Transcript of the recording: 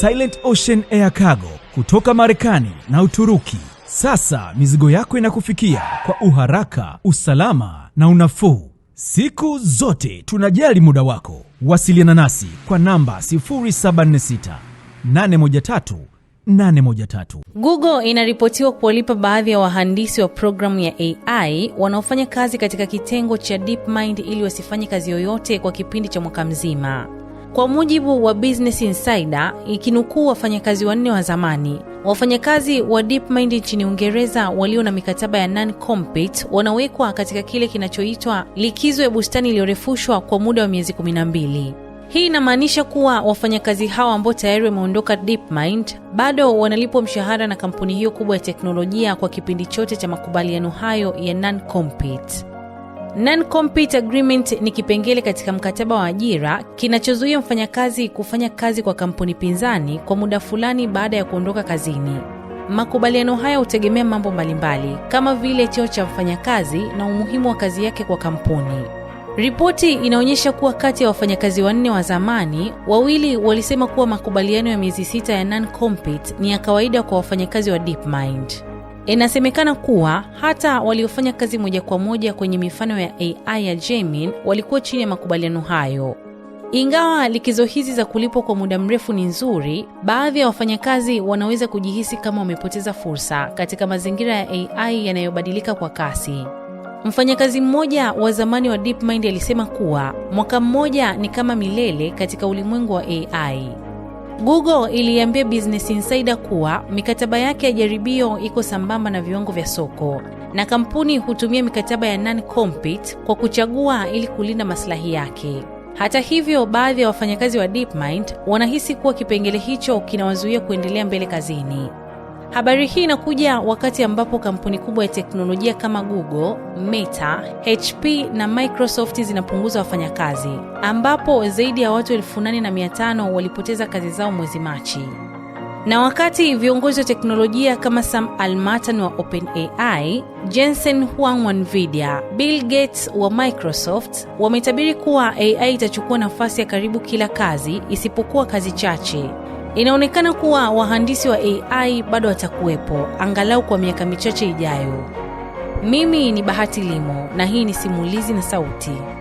Silent Ocean Air Cargo kutoka Marekani na Uturuki. Sasa mizigo yako inakufikia kwa uharaka, usalama na unafuu. Siku zote tunajali muda wako. Wasiliana nasi kwa namba 076 813 813. Google inaripotiwa kuwalipa baadhi ya wahandisi wa programu ya AI wanaofanya kazi katika kitengo cha DeepMind ili wasifanye kazi yoyote kwa kipindi cha mwaka mzima. Kwa mujibu wa Business Insider, ikinukuu wafanyakazi wanne wa zamani, wafanyakazi wa DeepMind nchini Uingereza walio na mikataba ya non-compete wanawekwa katika kile kinachoitwa likizo ya bustani iliyorefushwa kwa muda wa miezi 12. Hii inamaanisha kuwa wafanyakazi hawa ambao tayari wameondoka DeepMind bado wanalipwa mshahara na kampuni hiyo kubwa ya teknolojia kwa kipindi chote cha makubaliano hayo ya non-compete. Non-compete agreement ni kipengele katika mkataba wa ajira kinachozuia mfanyakazi kufanya kazi kwa kampuni pinzani kwa muda fulani baada ya kuondoka kazini. Makubaliano haya hutegemea mambo mbalimbali kama vile cheo cha mfanyakazi na umuhimu wa kazi yake kwa kampuni. Ripoti inaonyesha kuwa kati ya wafanyakazi wanne wa zamani, wawili walisema kuwa makubaliano ya miezi sita ya non-compete ni ya kawaida kwa wafanyakazi wa DeepMind. Inasemekana kuwa hata waliofanya kazi moja kwa moja kwenye mifano ya AI ya Gemini walikuwa chini ya makubaliano hayo. Ingawa likizo hizi za kulipwa kwa muda mrefu ni nzuri, baadhi ya wafanyakazi wanaweza kujihisi kama wamepoteza fursa katika mazingira ya AI yanayobadilika kwa kasi. Mfanyakazi mmoja wa zamani wa DeepMind alisema kuwa mwaka mmoja ni kama milele katika ulimwengu wa AI. Google iliambia Business Insider kuwa mikataba yake ya jaribio iko sambamba na viwango vya soko na kampuni hutumia mikataba ya non-compete kwa kuchagua ili kulinda maslahi yake. Hata hivyo, baadhi ya wafanyakazi wa DeepMind wanahisi kuwa kipengele hicho kinawazuia kuendelea mbele kazini. Habari hii inakuja wakati ambapo kampuni kubwa ya teknolojia kama Google, Meta, HP na Microsoft zinapunguza wafanyakazi, ambapo zaidi ya watu elfu walipoteza kazi zao mwezi Machi. Na wakati viongozi wa teknolojia kama Sam Altman wa OpenAI, Jensen Huang wa Nvidia, Bill Gates wa Microsoft wametabiri kuwa AI itachukua nafasi ya karibu kila kazi isipokuwa kazi chache Inaonekana kuwa wahandisi wa AI bado watakuwepo angalau kwa miaka michache ijayo. Mimi ni Bahati Limo na hii ni Simulizi na Sauti.